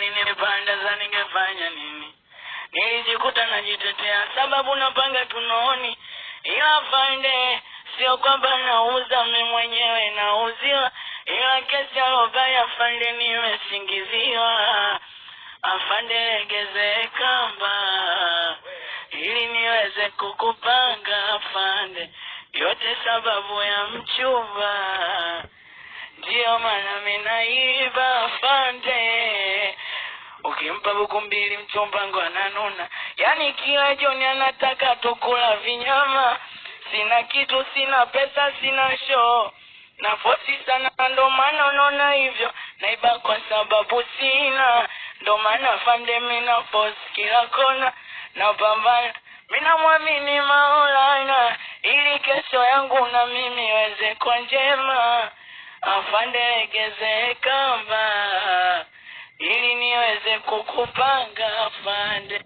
nimepanda za ningefanya nini? Nilijikuta najitetea sababu napanga tunaoni, ila fande, sio kwamba nauza mimi mwenyewe nauziwa, ila kesi alobaya fande, nimesingiziwa afande, legeze kamba ili niweze kukupanga afande, yote sababu ya mchumba, ndiyo maana minaiba afande huku mbili mchombango ananuna, yani kila jioni anataka tukula vinyama. Sina kitu, sina pesa, sina show na fosi sana, ndo maana unaona hivyo naiba kwa sababu sina, ndo maana fande na fosi kila kona napambana, mina mwamini Maulana ili kesho yangu na mimi weze kwa njema, afande legeze kamba kukupanga afande